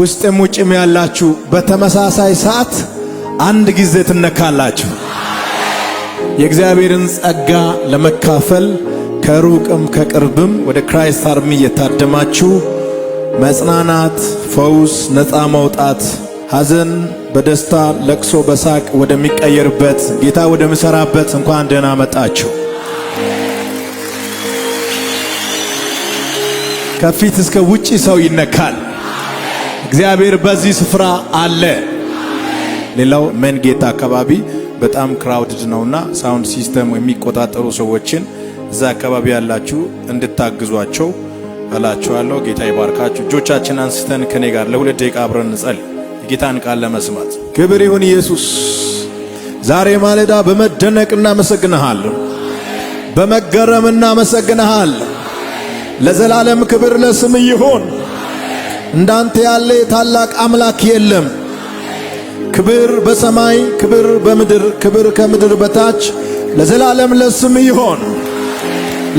ውስጥም ውጭም ያላችሁ በተመሳሳይ ሰዓት አንድ ጊዜ ትነካላችሁ። የእግዚአብሔርን ጸጋ ለመካፈል ከሩቅም ከቅርብም ወደ ክራይስት አርሚ እየታደማችሁ መጽናናት፣ ፈውስ፣ ነፃ መውጣት፣ ሐዘን በደስታ ለቅሶ በሳቅ ወደሚቀየርበት ጌታ ወደምሠራበት እንኳን ደህና መጣችሁ። ከፊት እስከ ውጪ ሰው ይነካል። እግዚአብሔር በዚህ ስፍራ አለ። ሌላው መን ጌታ አካባቢ በጣም ክራውድድ ነውና ሳውንድ ሲስተም የሚቆጣጠሩ ሰዎችን እዛ አካባቢ ያላችሁ እንድታግዟቸው እላችኋለሁ። ጌታ ይባርካችሁ። እጆቻችን አንስተን ከኔ ጋር ለሁለት ደቂቃ አብረን እንጸል፣ የጌታን ቃል ለመስማት። ክብር ይሁን ኢየሱስ። ዛሬ ማለዳ በመደነቅ እናመሰግንሃለሁ፣ በመገረም እናመሰግንሃለሁ። ለዘላለም ክብር ለስም ይሁን። እንዳንተ ያለ የታላቅ አምላክ የለም። ክብር በሰማይ ክብር በምድር ክብር ከምድር በታች ለዘላለም ለስም ይሆን።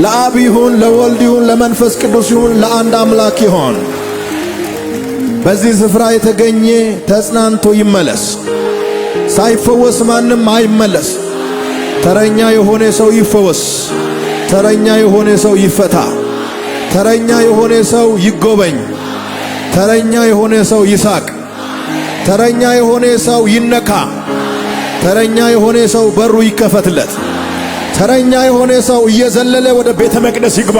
ለአብ ይሁን ለወልድ ይሁን ለመንፈስ ቅዱስ ይሁን ለአንድ አምላክ ይሆን። በዚህ ስፍራ የተገኘ ተጽናንቶ ይመለስ። ሳይፈወስ ማንም አይመለስ። ተረኛ የሆነ ሰው ይፈወስ። ተረኛ የሆነ ሰው ይፈታ። ተረኛ የሆነ ሰው ይጎበኝ። ተረኛ የሆነ ሰው ይሳቅ። ተረኛ የሆነ ሰው ይነካ። ተረኛ የሆነ ሰው በሩ ይከፈትለት። ተረኛ የሆነ ሰው እየዘለለ ወደ ቤተ መቅደስ ይግባ።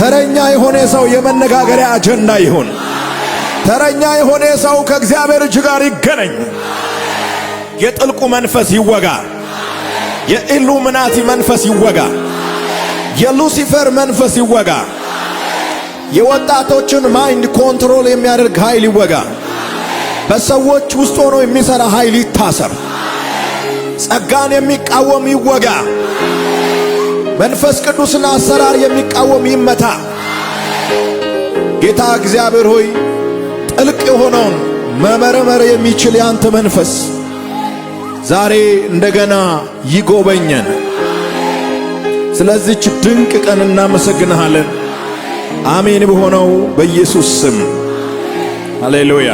ተረኛ የሆነ ሰው የመነጋገሪያ አጀንዳ ይሁን። ተረኛ የሆነ ሰው ከእግዚአብሔር እጅ ጋር ይገናኝ። የጥልቁ መንፈስ ይወጋ። የኢሉሚናቲ መንፈስ ይወጋ። የሉሲፈር መንፈስ ይወጋ። የወጣቶችን ማይንድ ኮንትሮል የሚያደርግ ኃይል ይወጋ። በሰዎች ውስጥ ሆኖ የሚሰራ ኃይል ይታሰር። ጸጋን የሚቃወም ይወጋ። መንፈስ ቅዱስን አሰራር የሚቃወም ይመታ። ጌታ እግዚአብሔር ሆይ ጥልቅ የሆነውን መመረመር የሚችል ያንተ መንፈስ ዛሬ እንደገና ይጎበኘን። ስለዚች ድንቅ ቀን እናመሰግንሃለን። አሜን በሆነው በኢየሱስ ስም ሃሌሉያ።